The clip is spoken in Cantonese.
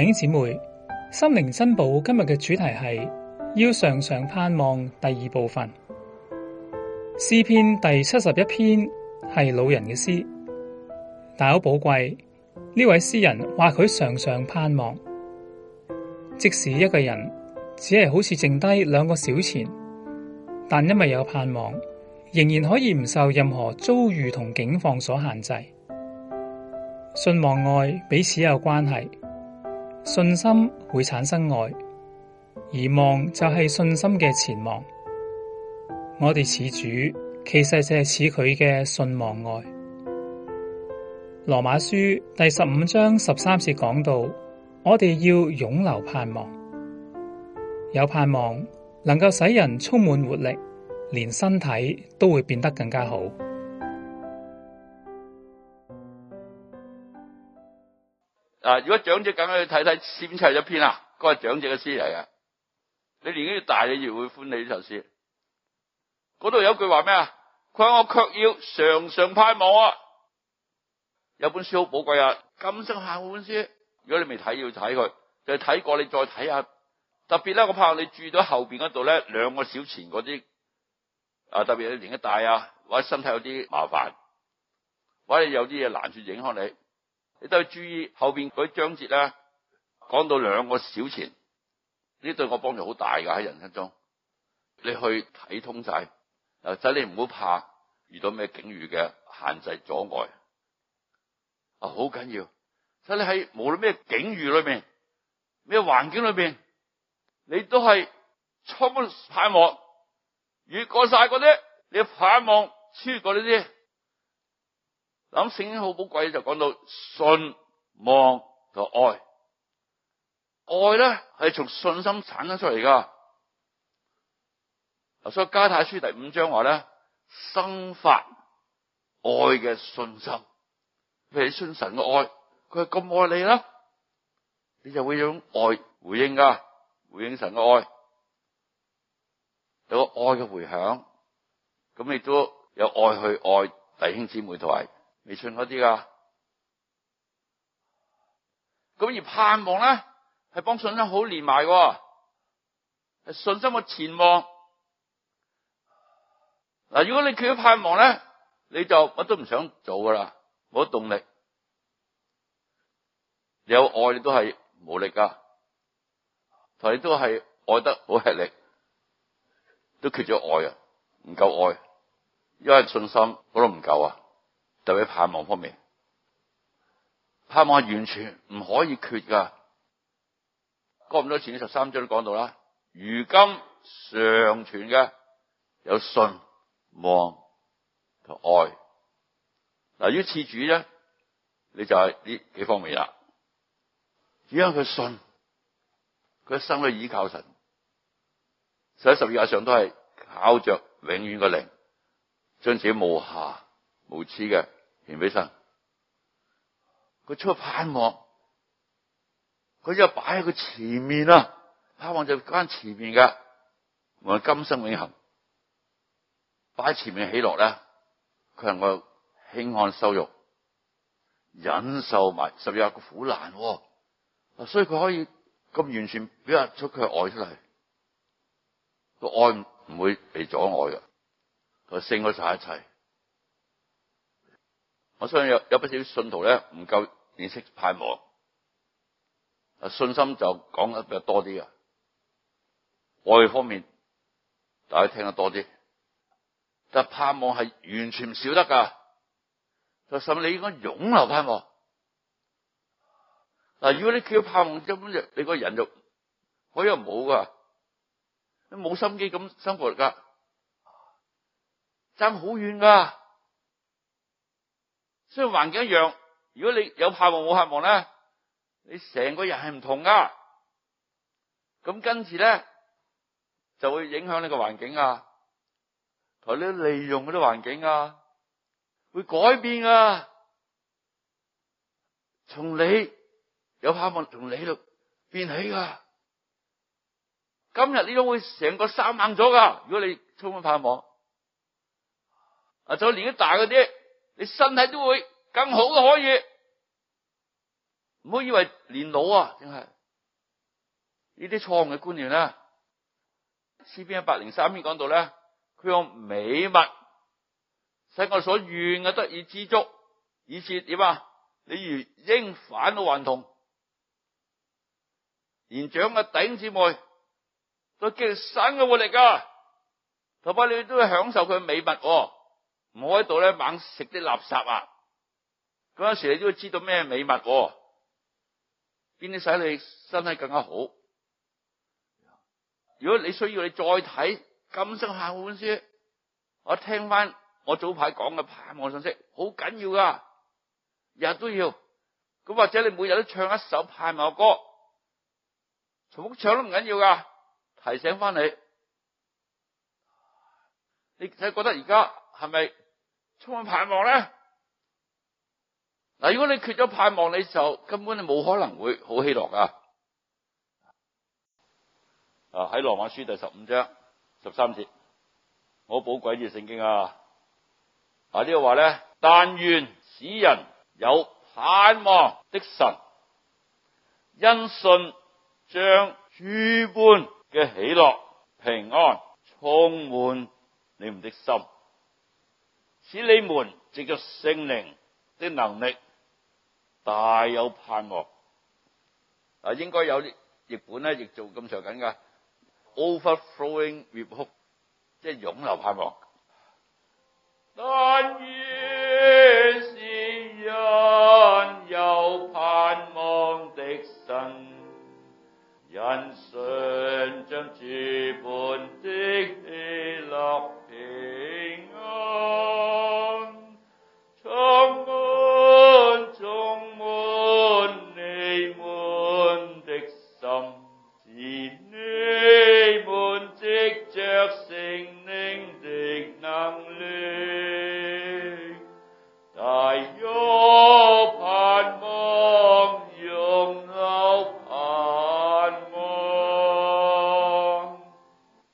弟姊妹，心靈珍寶今日嘅主題係要常常盼望第二部分。詩篇第七十一篇係老人嘅詩，大好寶貴。呢位詩人話佢常常盼望，即使一個人只係好似剩低兩個小錢，但因為有盼望，仍然可以唔受任何遭遇同境況所限制。信望愛彼此有關係。信心會產生愛，而望就係信心嘅前望。我哋似主，其實就係似佢嘅信望愛。羅馬書第十五章十三節講到，我哋要湧流盼望，有盼望能夠使人充滿活力，連身體都會變得更加好。嗱、啊，如果長者梗係要睇睇淺砌一篇啊，嗰係長者嘅詩嚟啊。你年紀越大，你越會歡喜呢首詩。嗰度有一句話咩啊？佢話我卻要常常盼望啊。有本書好寶貴啊，《金色下本書。如果你未睇要睇佢，就睇過你再睇下。特別咧，我怕你注到後邊嗰度咧，兩個小前嗰啲。啊，特別你年紀大啊，或者身體有啲麻煩，或者有啲嘢難處影響你。你都要注意後邊嗰啲章節啦，講到兩個小錢，呢對我幫助好大噶。喺人生中，你去睇通晒，使你唔好怕遇到咩境遇嘅限制阻礙，啊好緊要，使你喺無論咩境遇裏面，咩環境裏面，你都係充滿盼望，越過晒嗰啲，你盼望超過呢啲。咁聖經好寶貴，就講到信、望同愛。愛咧係從信心產生出嚟噶，所以加太書第五章話咧，生發愛嘅信心，譬如信神嘅愛，佢係咁愛你啦，你就會有種愛回應噶，回應神嘅愛，有個愛嘅回響，咁亦都有愛去愛弟兄姊妹同埋未信嗰啲噶，咁而盼望咧係幫信心好連埋嘅，信心嘅前望。嗱，如果你缺咗盼望咧，你就乜都唔想做噶啦，冇動力。你有愛你都係冇力噶，同你都係愛得好吃力，都缺咗愛啊，唔夠愛，因為信心我都唔夠啊。就喺盼望方面，盼望完全唔可以缺噶。咁多前十三章都講到啦。如今常存嘅有信望同愛。嗱，呢次主咧，你就係呢幾方面啦。因為佢信，佢心去依靠神，所以十二日上都係靠着永遠嘅靈，彰顯無瑕無疵嘅。填俾晒，佢出去盼望，佢就擺喺佢前面啦。盼望就關前面嘅，我今生永恒擺喺前面。喜樂咧，佢係我輕看羞辱忍受埋十字架嘅苦難，所以佢可以咁完全俾人出佢愛出嚟，個愛唔會被阻礙嘅，佢勝咗晒一切。我相信有有不少信徒咧唔夠認識盼望，信心就講得比較多啲嘅，愛方面，大家聽得多啲，但盼望係完全唔少得噶。甚至你應該湧流盼望。嗱，如果你叫盼望，根本就你個人就我又冇噶，你冇心機咁生活噶，爭好遠噶雖然環境一樣，如果你有盼望冇盼望咧，你成個人係唔同噶。咁跟住咧，就會影響呢個環境啊，同你利用嗰啲環境啊，會改變啊。從你有盼望，從你度變起噶。今日你都會成個生猛咗噶，如果你充滿盼望。啊，就年紀大嗰啲。你身體都會更好嘅，可以唔好以為年老啊，正係呢啲錯誤嘅觀念咧。詩篇一百零三篇講到咧，佢用美物使我所願嘅得以知足，以致點啊？你如鷹返老還童，連長嘅頂之外，都激生嘅活力啊！頭髮，你都會享受佢嘅美物。唔好喺度咧，猛食啲垃圾啊！嗰陣時你都會知道咩美味，邊啲使你身體更加好。如果你需要，你再睇金色下午本書，我聽翻我早排講嘅盼望信息，好緊要噶，日日都要。咁或者你每日都唱一首盼望歌，重複唱都唔緊要噶。提醒翻你，你睇覺得而家，係咪充滿盼望呢？嗱，如果你缺咗盼望，你就根本就冇可能會好喜樂噶。啊，喺《羅馬書》第十五章十三節，我寶貴住聖經啊。啊，呢、呢個話呢，但願使人有盼望的神，因信將諸般嘅喜樂、平安充滿你們的心。使你們藉著聖靈的能力大有盼望，啊，應該有譯本呢，亦做咁長緊㗎，overflowing with hope, 即係湧流盼望。